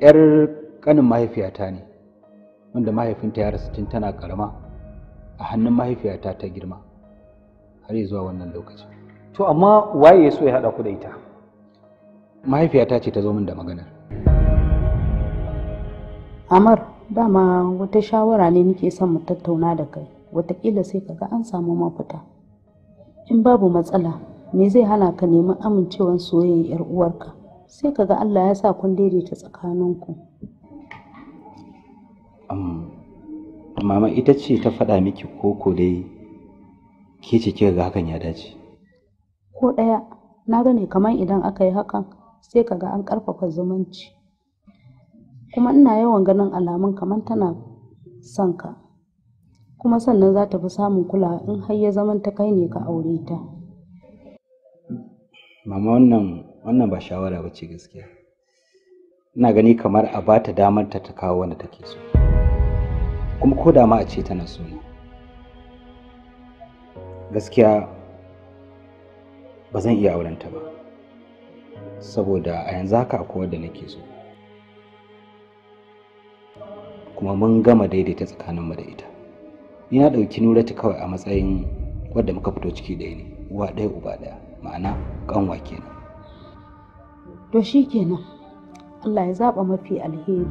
'yar kanin mahaifiyata ne wanda mahaifinta ya rasu tun tana karama a hannun mahaifiyata ta girma har zuwa wannan lokaci to amma waye ya so ya haɗa ku da ita mahaifiyata ce ta zo min da maganar amar dama wata shawara ne nake son mu tattauna da kai watakila sai kaga an samu mafita in babu matsala me zai hana ka neman amincewar soyayyar 'yar uwarka sai ka ga Allah ya sa kun daidaita tsakaninku mama ita ce ta faɗa miki ko ko dai ke ce kika ga hakan ya dace ko ɗaya na gane kamar idan aka yi hakan sai ka ga an ƙarfafa zumunci kuma ina yawan ganin alamun kamar tana son ka kuma sannan za ta fi samun kula in har ya zaman ta kai ne ka aure ta mama wannan wannan ba shawara ba ce gaskiya ina gani kamar a ba ta damar ta ta kawo wanda take so kuma ko da ma a ce tana so ne gaskiya ba zan iya aurenta ba saboda a yanzu haka akwai da nake so kuma mun gama daidaita tsakaninmu da ita ni na ɗauki nurata kawai a matsayin wadda muka fito ciki ɗaya ne uwa ɗaya uba ɗaya ma'ana ƙanwa kenan to shi kenan Allah ya zaɓa mafi alheri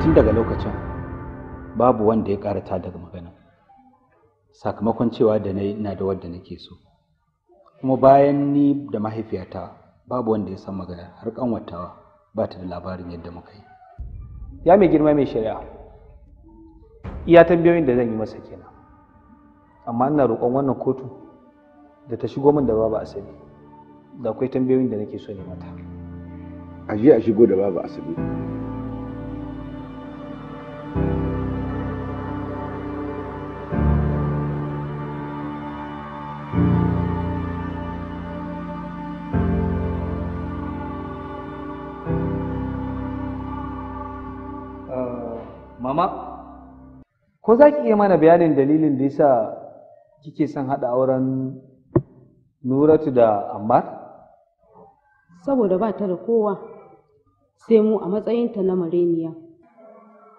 tun daga lokacin babu wanda ya karata daga magana sakamakon cewa da na ina da wadda nake so kuma bayan ni da mahaifiyata babu wanda ya san magana har kanwatawa ba ta da labarin yadda muka yi ya mai girma mai shari'a iya tambayoyin da zan yi masa kenan amma ina roƙon wannan kotu da ta shigo min da babu asali, da akwai tambayoyin da nake so ne mata a a shigo da babu asali. Ah, mama, ko za ki iya mana bayanin dalilin da yasa kike son hada auren Nuratu da Ammar? Saboda ba ta da kowa sai mu a matsayinta na mareniya.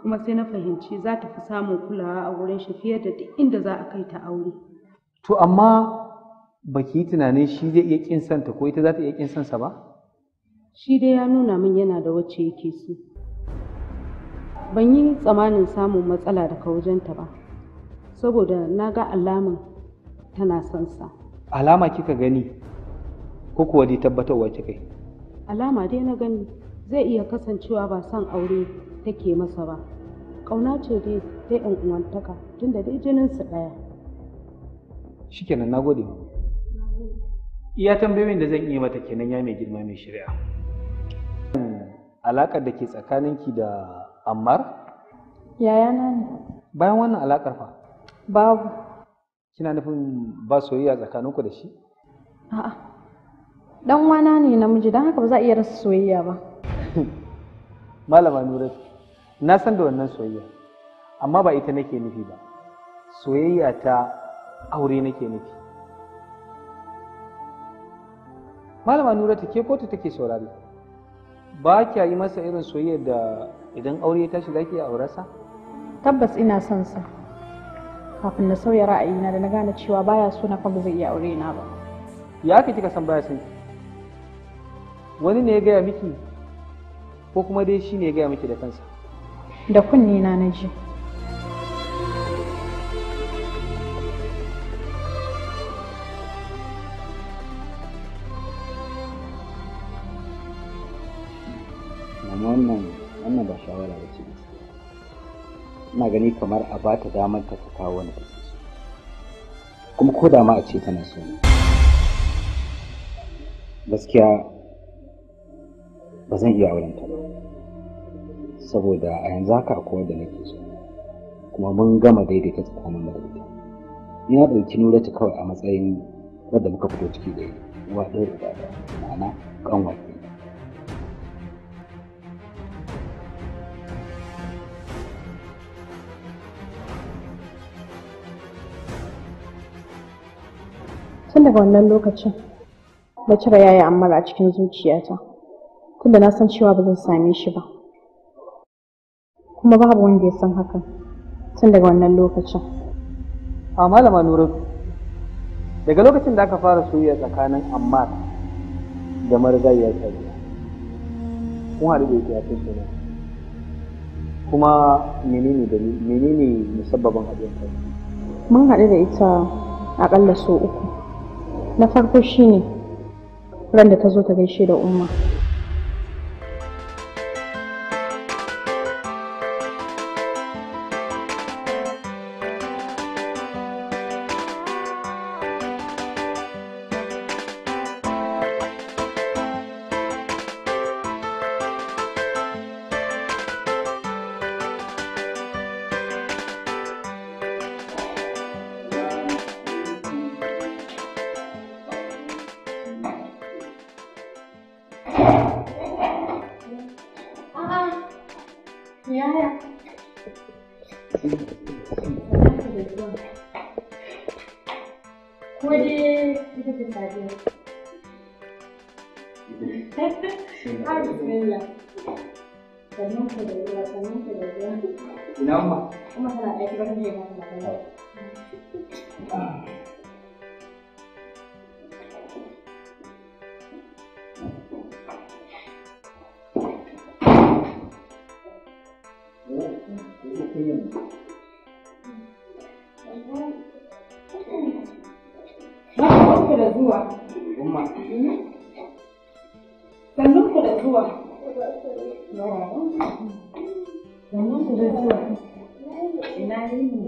Kuma sai na fahimci za ta fi samun kulawa a wurin shi fiye da duk inda za a kai ta aure. To amma baki yi tunanin shi zai iya kin santa ko ita za ta iya kin sansa ba? Shi dai ya nuna min yana da wacce yake so. Ban yi tsamanin samun matsala daga wajenta ba, saboda na ga alamun tana sansa. alama kika gani ko kuwa dai tabbatarwa kika kai. alama dai na gani zai iya kasancewa ba son aure take masa ba ƙauna ce dai ta yan uwantaka tunda dai su ɗaya shikenan na gode iya tambayoyin da zan iya mata kenan ya mai girma mai shari'a alakar da ke tsakaninki da ammar yayana ne bayan wannan alakar fa babu kina nufin ba soyayya tsakanin ku da shi a'a dan wana ne namiji dan haka ba za a iya rasa soyayya ba malama Nura, na san da wannan soyayya amma ba ita nake nufi ba soyayya ta aure nake nufi malama nuratu ke kotu take saurari ba kya yi masa irin soyayya da idan aure ya tashi zaki aurasa? tabbas ina son sa kafin na sauya ra'ayina da na gane cewa baya so na kuma zai iya aure na ba ya ka kika san baya son wani ne ya gaya miki ko kuma dai shi ne ya gaya miki da kansa da kunni na na ji ina gani kamar a bata damar ta fita wani take so kuma ko da ma a ce tana so gaskiya ba zan iya auren ta ba saboda a yanzu haka akwai wanda nake so kuma mun gama daidaita tsakanin da ita ina ɗauki ta kawai a matsayin wadda muka fito ciki da uwa ɗaya da ma'ana kanwa daga wannan lokacin na cire yaya ammar a cikin zuciyata tunda na san cewa ba zan same shi ba kuma babu wanda ya san hakan tun daga wannan lokacin a malama nuratu daga lokacin da aka fara soyayya tsakanin ammar da marigayiyar kariya kun haɗu da ita ya fi kuma menene dalili menene musabbabin haɗin kai mun haɗu da ita aƙalla so uku na farko shine ran da ta zo ta gaishe da umma umma sannan ku da zuwa sannan ku da zuwa ina yini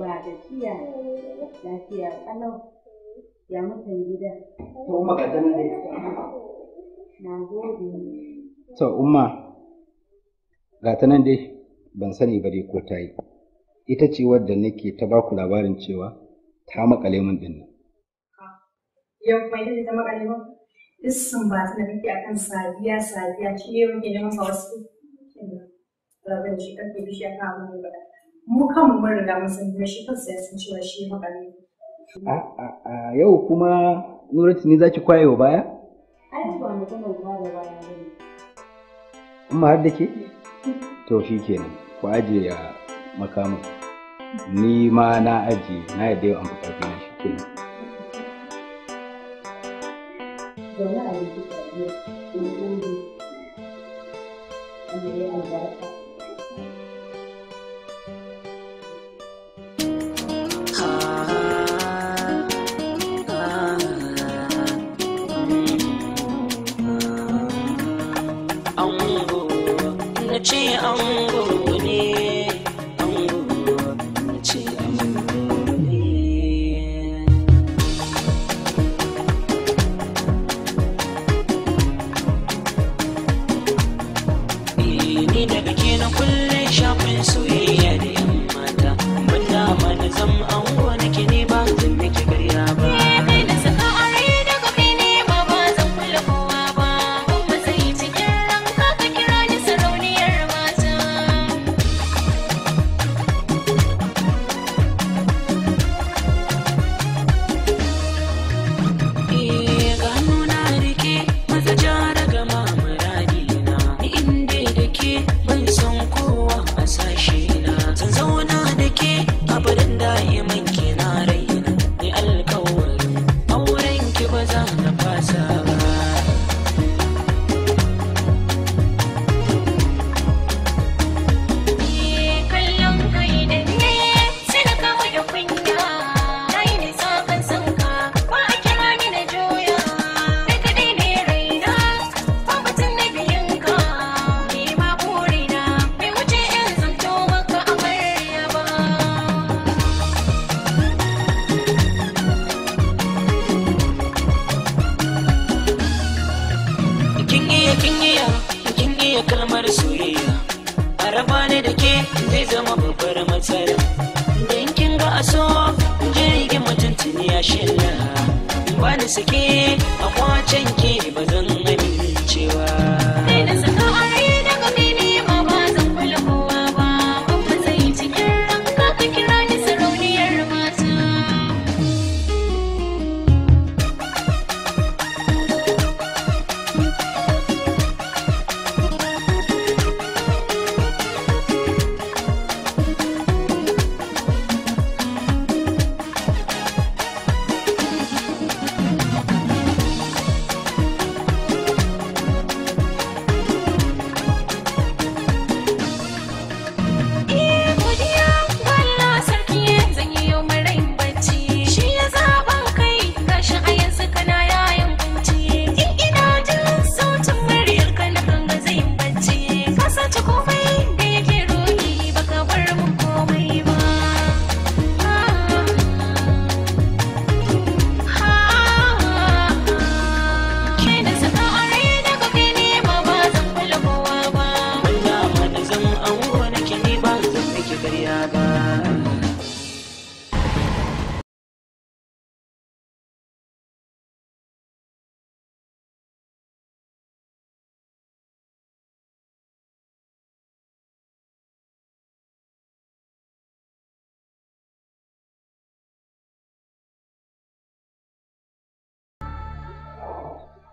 wa gajiya lafiya kalau ya mutan gida to umma ka sanar da na gode to umma ga ta nan dai ban sani ba dai ko ta yi ita ce wadda nake ta baku labarin cewa ta makale min dinnan yau kuma ita ta makale ba duk sun ba ta kake akan sadiya sadiya ki ne muke neman sa wasu rabin shi kake bishi akan abin da ba mu kan mun riga mun san kuma shi kansa ya san cewa shi makale a yau kuma nurati ne zaki kwaye wa baya ai ba mu kuma ba da baya ne amma har da ke to shi kenan ku ajiye makamin ni ma na ajiye na yadda yau an fi ƙarfi na shi kenan zaune a yi kuka biyu in albarka. cause I'm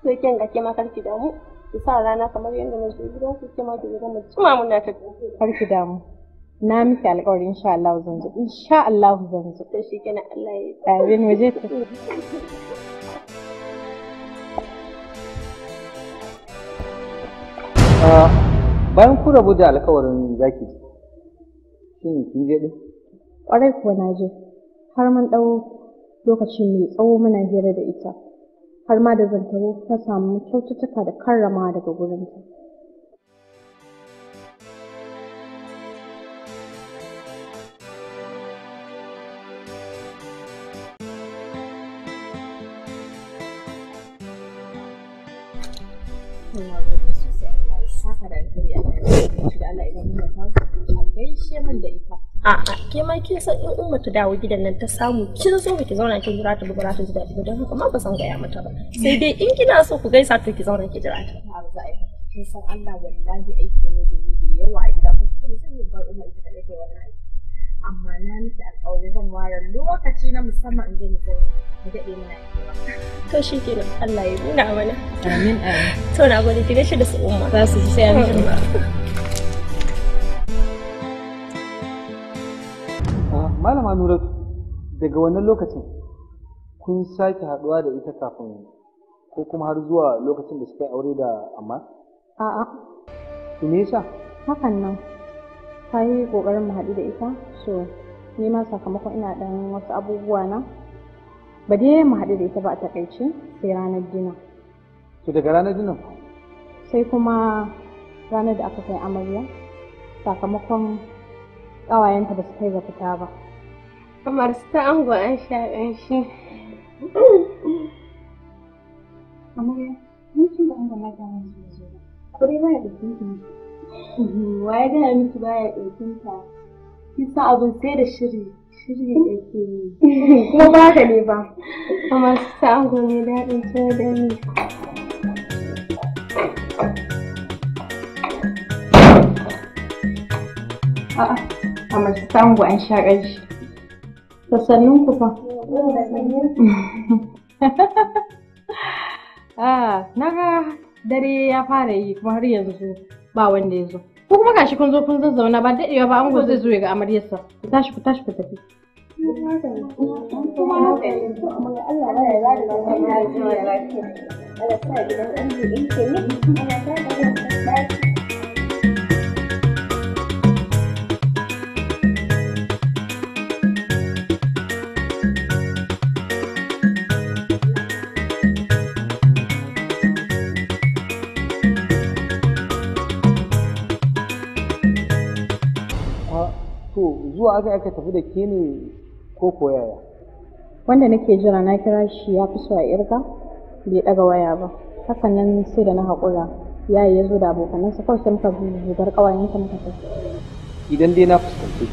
sai kin ga kima karki damu ki sa rana kamar yadda na je gidan ku kima ki ga mu tuma muna ta karki damu na miki alƙawarin insha Allah zan zo insha Allah zan zo to kenan Allah ya yi amin waje ta bayan ku rabu da alƙawarin zaki shin kin je din kwarai kuwa na je har mun dau lokacin mai tsawo muna hira da ita har ma da zantaro ta samu kyaututtuka da karrama daga gurinta. Saka da alkhairi a da Allah ya da a gaishe man da ita. a'a ke ma ke san in umma ta dawo gidan nan ta samu kin so ki zauna ki jira ta ba ta ji daɗi ba don kuma ba san gaya mata ba sai dai in kina so ku gaisa to ki zauna ki jira ta kin san Allah wallahi aiki ne da ni da yawa a gida kun kuma san yin bar umma ita ta wannan aiki amma na ta alƙawari zan ware lokaci na musamman in je mu zauna mu daɗe muna to shi ke Allah ya nuna mana amin amin to na gode ki gaishe da su umma za su ji sai amin amma daga wannan lokacin kun sake haɗuwa da ita kafin ko kuma har zuwa lokacin da suka aure da amma a'a Ku me yasa hakan nan ta yi ƙoƙarin mu haɗu da ita so ni ma sakamakon ina ɗan wasu abubuwa na ba dai mu haɗu da ita ba a takaice sai ranar dina to daga ranar dina? sai kuma ranar da aka kai amarya sakamakon ƙawayenta ba su kai ga fita ba kamar su ta ango an sha ƙanshi. cin da ango su gaya miki ta. abin sai da shiri. Shiri Kuma ba ka ne ba. Kamar su ta ango ne daɗin da ni. A'a, kamar su an sha ƙanshi. da sannun ku fa na ga dare ya fara yi kuma har yanzu ba wanda ya zo ko kuma gashi kun zo kun zazzauna ba daɗewa ba an zai zuwa ya ga amaryarsa ku tashi ku tashi ku tafi kuma Allah ya zuwa aka aka tafi da ke ne ko koyaya wanda nake jira na kira shi ya fi so a irga bai ɗaga waya ba hakan nan sai da na haƙura ya yi ya zo da abokanansa kawai sai muka zubar ka muka tafi idan dai na fuskanci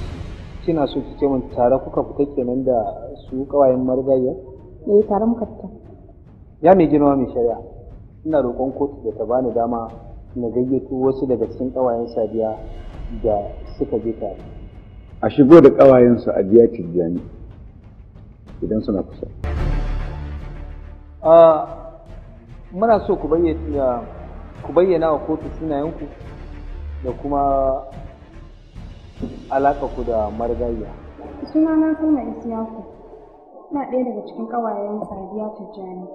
kina so ki ce min tare kuka fita kenan da su ƙawayen marigayya eh tare muka fita ya mai girma mai shari'a ina roƙon kotu da ta bani dama na gayyato wasu daga cikin ƙawayen sadiya da suka je tare a shigo da ƙawayensu a biya tijjani idan suna kusa. muna so ku bayyana wa kotu sunayenku da kuma alaƙa ku da marigayya. suna na kalmar isiyaku ina ɗaya daga cikin ƙawayen sadiya tijjani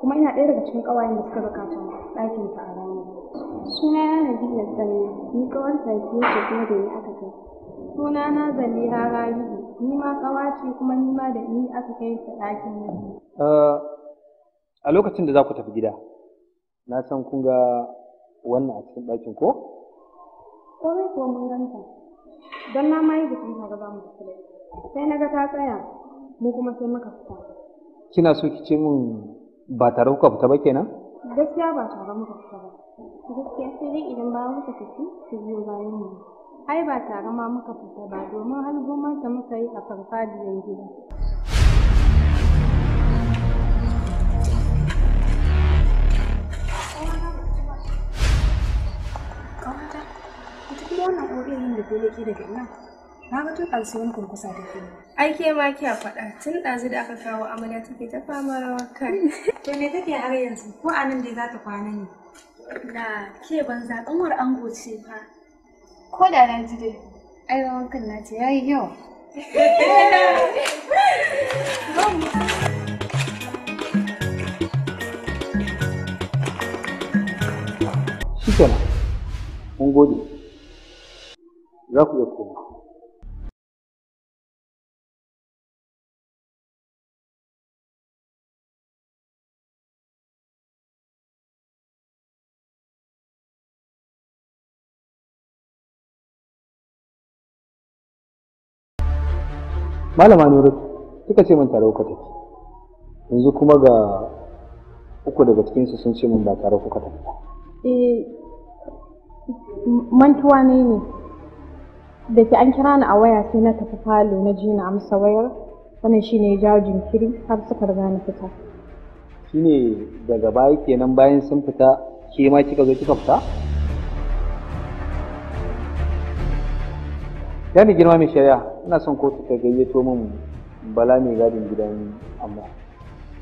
kuma ina ɗaya daga cikin ƙawayen da suka bukata ɗakin ta a rana. suna na nabi na zanna ni kawar sadiya Tijjani da ya sunana zaliha rabi'u ni ma kawa ce kuma ni ma da ni aka kai ta ɗakin nan a lokacin da za ku tafi gida na san kun ga wannan a cikin ɗakin ko kawai ko mun ganta don na ma da bikin ta gaba mu sai na ga ta tsaya mu kuma sai muka fita kina so ki ce min ba tare kuka fita ba kenan gaskiya ba tare muka fita ba gaskiya sai dai idan ba muka fita ki biyo bayan mu ai ba tare ma muka fita ba domin har gomanta muka yi a farfadiyar gida ƙawata ita kuma wannan ƙoriyar yin da dole ke daga ina na ga tun ɗansu wani kurkusa da ke ai ke ma kya faɗa tun ɗazu da aka kawo amarya take ta fama rawar kai to me take har yanzu ko a nan dai za ta kwana ne na ke ban zaɓen war ango ce fa ko da na dai ai wankan na ce yayi yawa Shikenan, mun gode, za ku iya koma. malama ne rufe kika ce min tare kuka tafi yanzu kuma ga uku daga cikinsu sun ce min ba tare kuka tafi ba eh mantuwa ne ne da ke an kira ni a waya sai na tafi falo na ji na amsa wayar wannan shine ya jawo jinkiri har suka riga na fita shine daga baya kenan bayan sun fita ke ma kika zo kika fita yani girma mai shari'a ina son kotu ta gayyato min bala mai gadin gidan amma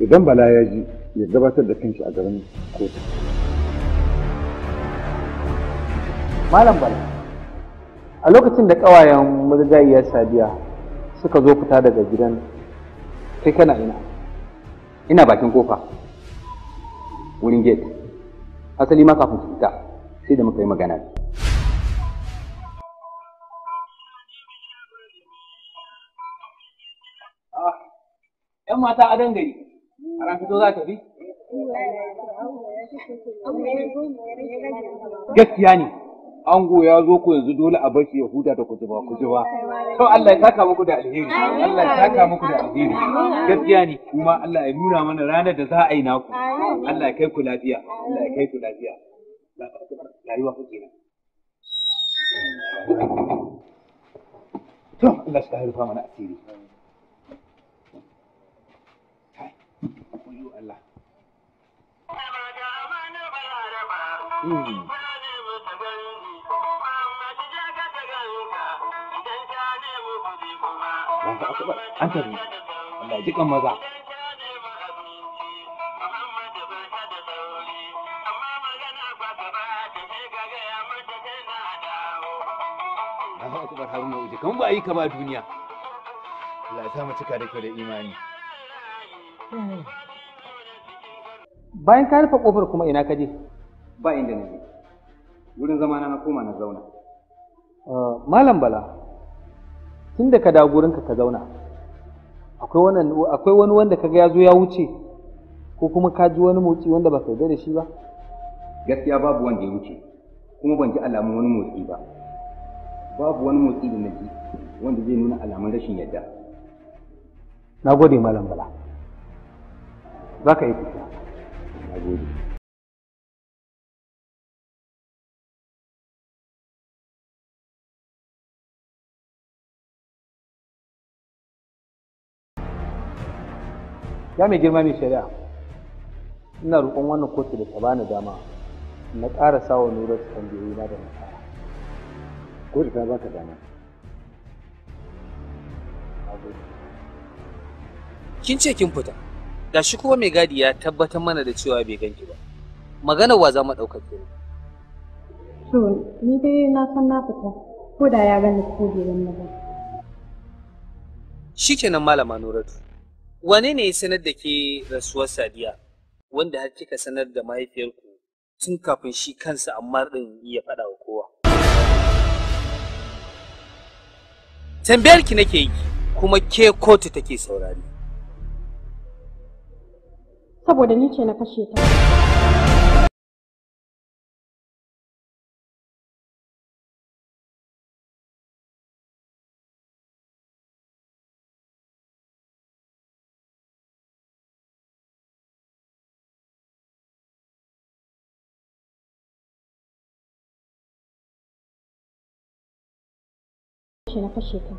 idan bala ya ji ya gabatar da kanshi a garin kotu malam bala a lokacin da ƙawayen murgayiyar sadiya suka zo fita daga gidan kai kana ina ina bakin kofa wurin gate asali ma kafin su fita sai da muka yi magana ‘yan mata a dangare, a ran fito za ta bi? Gaskiya ne, ango ya zo ku yanzu dole a bashi ya huta da kujiba kujiba. To Allah ya saka muku da alheri, Allah ya saka muku da alheri. Gaskiya ne, kuma Allah ya nuna mana ranar da za a yi naku. Allah ya kai ku lafiya, Allah ya kai ku lafiya. Rayuwa kuke kenan. To Allah ya sa harfa mana asiri. Ranka mm. Asabar, an tafi, Allah ji kan maza. kan ba yi kama duniya. Allah mu cika da da imani. Bayan ka rufe kofar kuma ina ka je? ba inda na je wurin zamana na koma na zauna ah, malam bala tun da ka da gurinka ka zauna akwai wani wanda kaga ya zo ya wuce ko kuma ka ji wani motsi wanda ba ka yarda da shi ba gaskiya babu wanda ya wuce kuma ban ji alamun wani motsi ba babu wani motsi da na ji wanda zai nuna alamun rashin yadda. na gode malam bala za ka yi fita na gode ya mai girma mai shari'a ina roƙon wannan kotu da ta bani dama na ƙara sawa nura su tambayoyi na da nasara kotu ta baka dama kin ce kin fita ga shi kuma mai gadi ya tabbatar mana da cewa bai ganki ba magana wa za mu ɗaukar ki to ni dai na san na fita ko da ya gani ko bai gani ba shikenan malama nuratu wani ne sanar da ke rasuwar Sadiya wanda har kika sanar da mahaifiyarku tun kafin shi kansa amma ɗin ya faɗa wa kowa? Tambayar ki nake yi kuma ke kotu take saurari. Saboda ni ce na kashe ta. kashe ta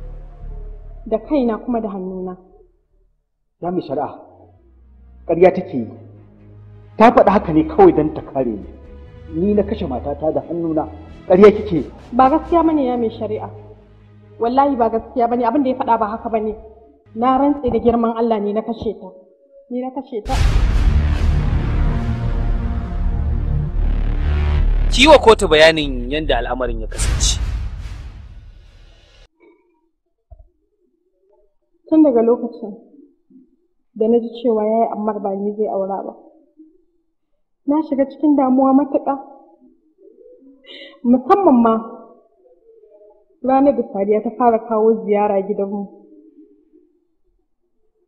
da kaina kuma da hannuna ya mai shari'a ƙarya take yi ta faɗa haka ne kawai don ta kare ni ni na kashe matata da hannuna ƙarya kike ba gaskiya ba ne ya mai shari'a wallahi ba gaskiya bane abin da ya faɗa ba haka bane na rantse da girman Allah ne na kashe ta ni na kashe ta kiwa kotu bayanin yadda al'amarin ya kasance tun daga lokacin da na ji cewa ya yi ammar ba ni zai aura ba na shiga cikin damuwa matuƙa musamman ma ranar da sadiya ta fara kawo ziyara gidanmu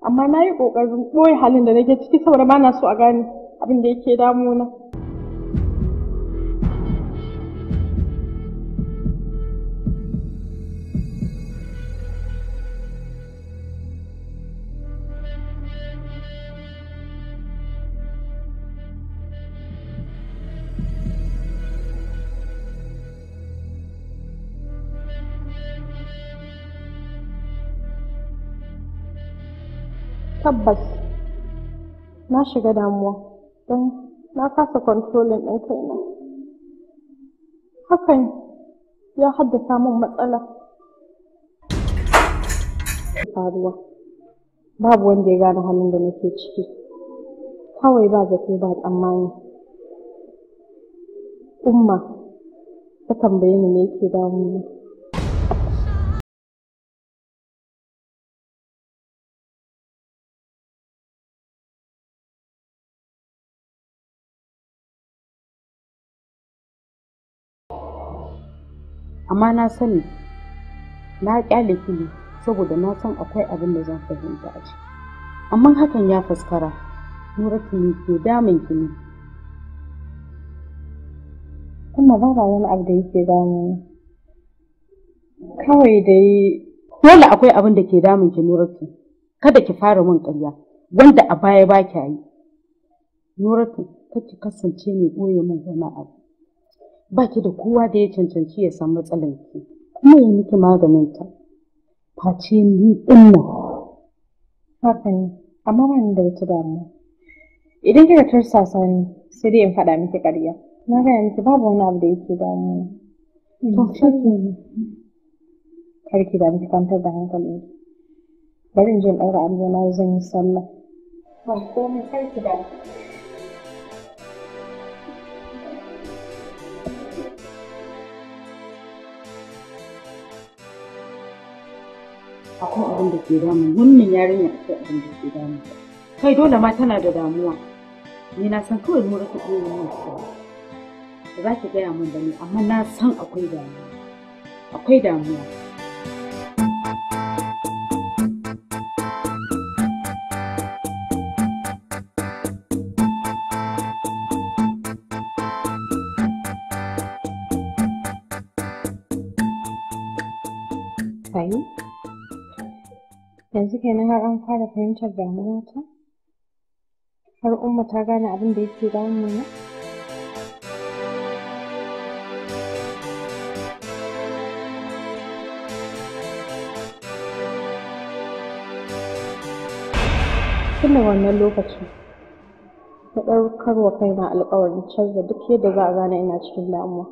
amma na yi ƙoƙarin ɓoye halin da na nake ciki saboda ba na so a gane abin da yake damuna. tabbas na shiga damuwa don na kasa kontrolin ɗin kaina hakan ya haddasa min matsala faruwa babu wanda ya gane halin da nake ciki kawai ba zato ba tsammani umma ta tambaye ni me yake damuwa amma na sani na kyale fili saboda na san akwai abin da zan fahimta a ciki amma hakan ya faskara nura ne ke damun ki kuma ba wani abu da yake damun kawai dai dole akwai abin da ke damun ki nuratu kada ki fara min ƙarya wanda a baya ba ki yi nuratu ki kasance mai ɓoye min wani abu ba ki da kowa da ya cancanci ya san matsalar ki kuma ya miki maganin ta face ni din nan haka ne amma ba ni da wata damuwa idan kika tursa Sani sai dai in faɗa miki ƙarya na gaya miki babu wani abu da yake damuwa to shi kar ki da miki kwantar da hankalin bari in je in ɗaura aljana zan yi sallah ba komai kar ki da akwai abin da ke damu wannan yarinya akwai abin da ke damu kai dole ma tana da damuwa ni na san kawai mu rasa ɗaya ne ba za ki gaya min ba ne amma na san akwai damuwa akwai damuwa yanzu kenan har an fara fahimtar ta. har umma ta gane abin da yake damuna tuna wannan lokaci na ɗaukar wa kaina alƙawarin canza duk yadda za a gane ina cikin damuwa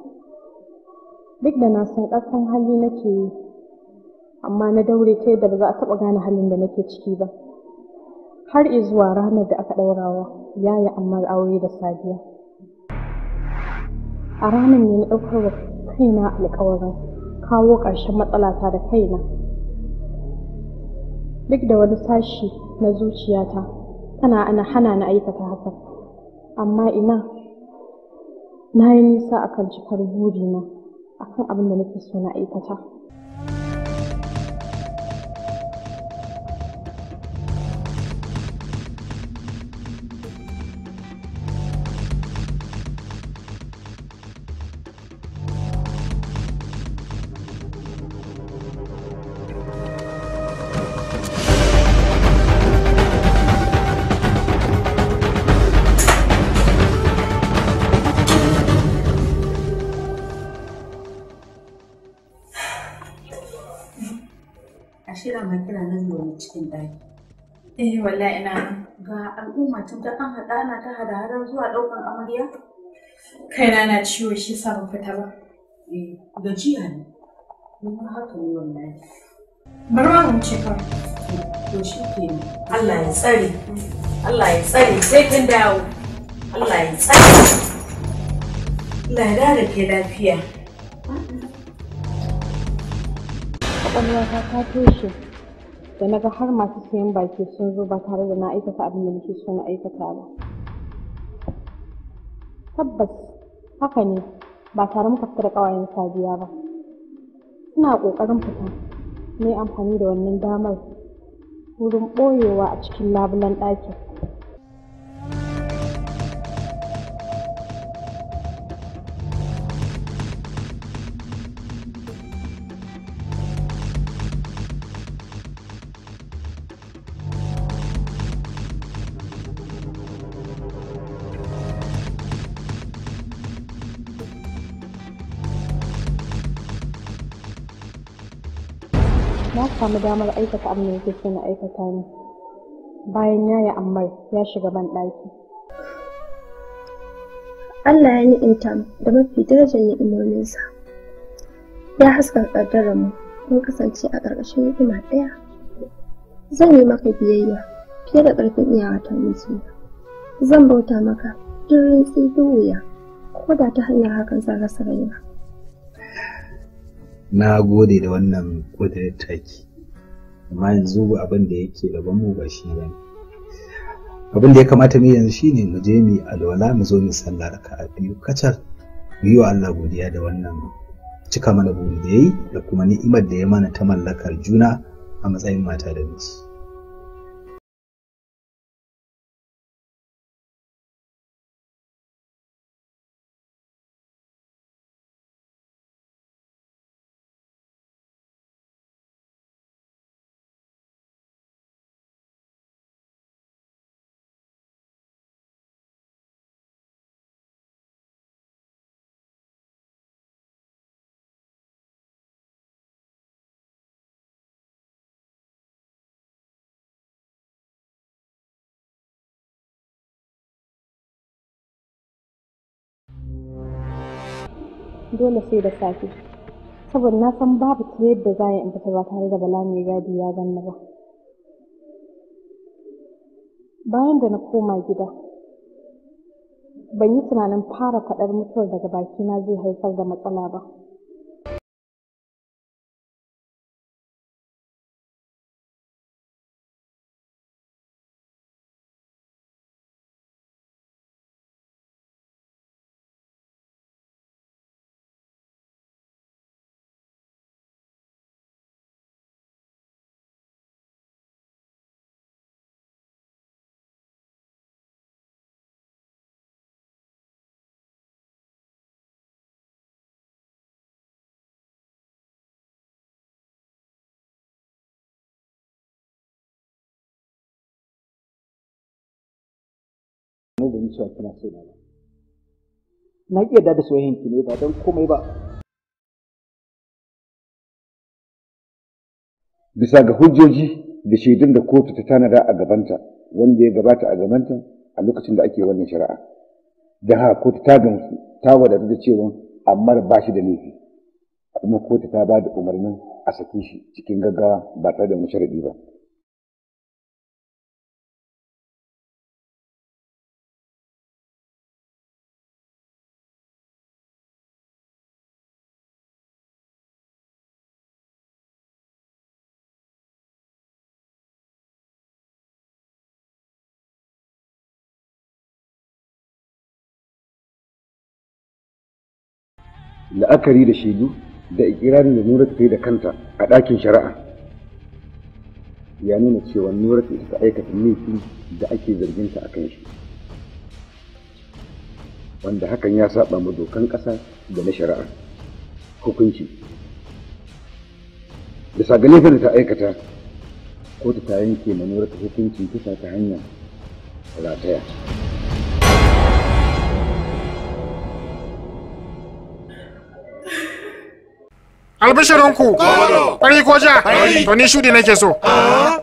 duk da na san ƙarfin hali nake yi amma na daure ta yadda ba za a taɓa gane halin da nake ciki ba har izuwa ranar da aka ɗaurawa yaya amma aure da sadiya a ranar ne na ɗaukar wa kaina alƙawarin kawo ƙarshen matsalata da kaina duk da wani sashi na zuciyata tana ana hana na aikata haka amma ina na yi nisa akan cikar burina akan abin da nake so na aikata shirya mai kira na zuwa cikin ɗaki. Eh wallahi ina ga al'umma tun ta kan haɗa ana ta hada hadar zuwa ɗaukan amarya. Kaina na ciwo shi sa ban fita ba. Eh gajiya ne. Kuma haka ne wallahi. Bari ma mun ce kawai. To shi ke Allah ya tsare. Allah ya tsare sai kin dawo. Allah ya tsare. Allah ya da ke lafiya. ƙwaƙwalwata ta toshe da naga har masu sayan baki sun zo ba tare da na aikata abin da nake so na aikata ba tabbas haka ne ba tare muka fita da ƙawayen sadiya ba ina ƙoƙarin fita na amfani da wannan damar wurin ɓoyewa a cikin labulen ɗakin na samu damar aikata abin da so na aikata ne bayan ya yi amai ya shiga ban ɗaki. Allah ya ni'imta da mafi darajar ni'imominsa ya haska ƙaddarar mu mun kasance a ƙarƙashin hukuma ɗaya zan yi maka biyayya fiye da ƙarfin iyawata mijina zan bauta maka duk rintsi wuya ko da ta hanyar hakan zan rasa raina. na gode da wannan ƙudurin taki amma yanzu abin da yake da mu ba shi ba abin da ya kamata mu yanzu shine mu je mu alwala mu zo mu sallah raka'a biyu kacal mu yi wa Allah godiya da wannan cika mana buri da yayi da kuma ni'imar da ya mana ta mallakar juna a matsayin mata da miji dole sai da safe saboda na san babu ta yadda za a yi fita ba tare da bala mai gadi ya ganni ba bayan da na koma gida ban yi tunanin fara faɗar mutuwar daga bakina zai haifar da matsala ba sanar da cewa kina so na ba na ƙi yarda da soyayyen ki ne ba don komai ba bisa ga hujjoji da shaidun da kotu ta tanada a gabanta wanda ya gabata a gabanta a lokacin da ake wannan shari'a da haka kotu ta gamsu ta wadatu da cewa amma ba shi da laifi kuma kotu ta ba da umarnin a saki shi cikin gaggawa ba tare da wani sharaɗi ba la'akari da shaidu da ikirarin da nura ta yi da kanta a ɗakin shari'a ya nuna cewa nura ta ta aikata laifin da ake zarginta a kan shi wanda hakan ya saba ma dokan ƙasa da na shari'a hukunci Da ga laifin da ta aikata kotu ta yanke ma nura ta hukuncin kisa ta hanyar rataya. albishirinku ƙwari ko ja to ni shudi nake so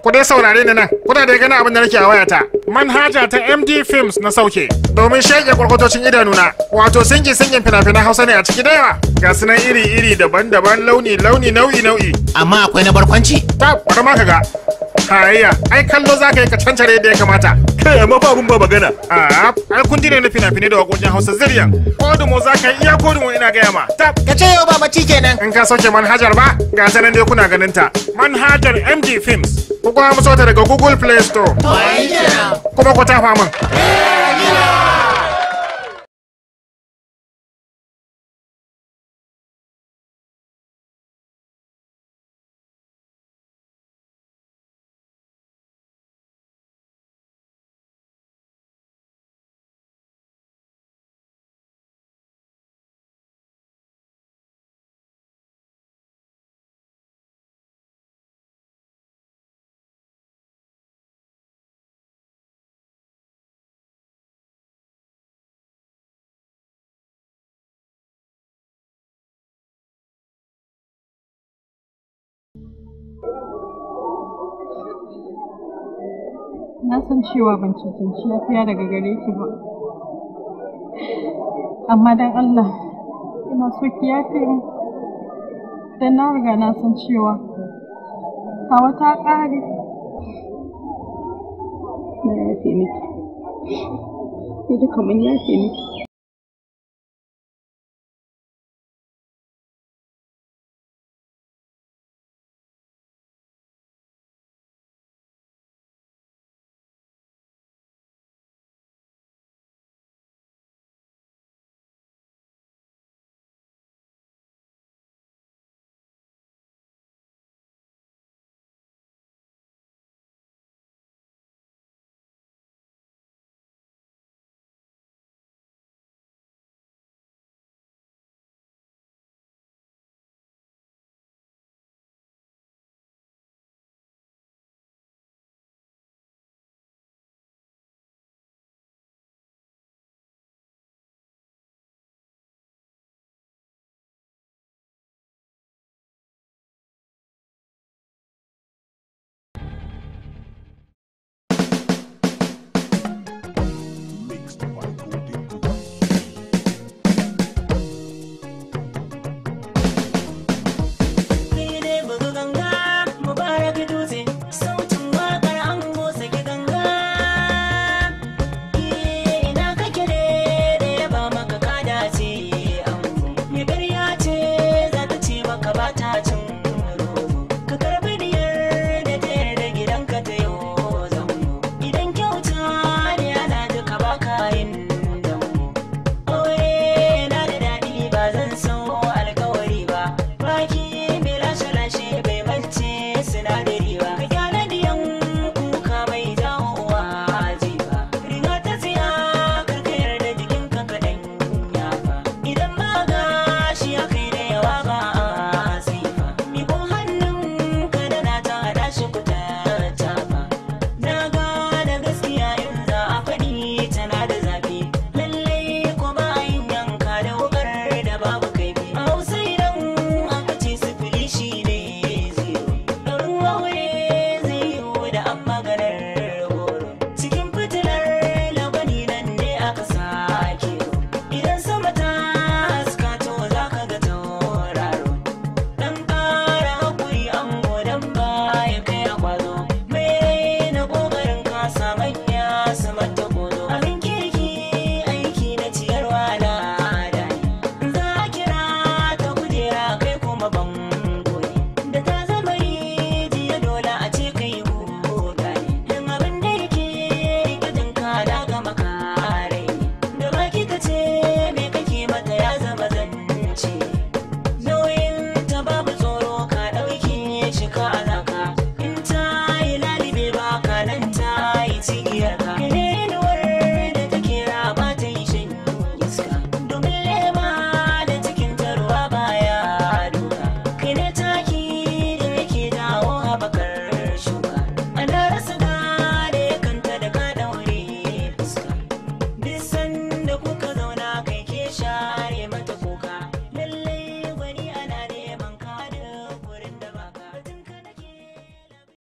ku dai saurare ni nan kuna da gani abin da nake a wayata manhaja ta md films na sauke domin shaƙe kwarkwatocin idanuna wato singin singin fina-finan hausa ne a ciki da yawa ga sunan iri-iri daban-daban launi-launi nau'i-nau'i amma akwai na barkwanci ta bari ma ka ga Hayya, ai kallo za ka yi ka cancare da ya kamata. Kai amma fa ba magana. Ah, ai kun ne na fina-finai da wakokin Hausa Ko Kodumo za ka yi iya kodumo ina gaya ma. Ta, ka ce yau ba mace kenan. In ka sauke manhajar ba, ga ta nan dai kuna ganin ta. Manhajar MG Films. Ku kuma musu daga Google Play Store. Kuma ku tafa min. na san cewa ban cancanci lafiya daga gare ki ba amma dan Allah ina so ki yafe ni dan na riga na san cewa hawa ta ƙare na yafe miki ki duka mun yafe miki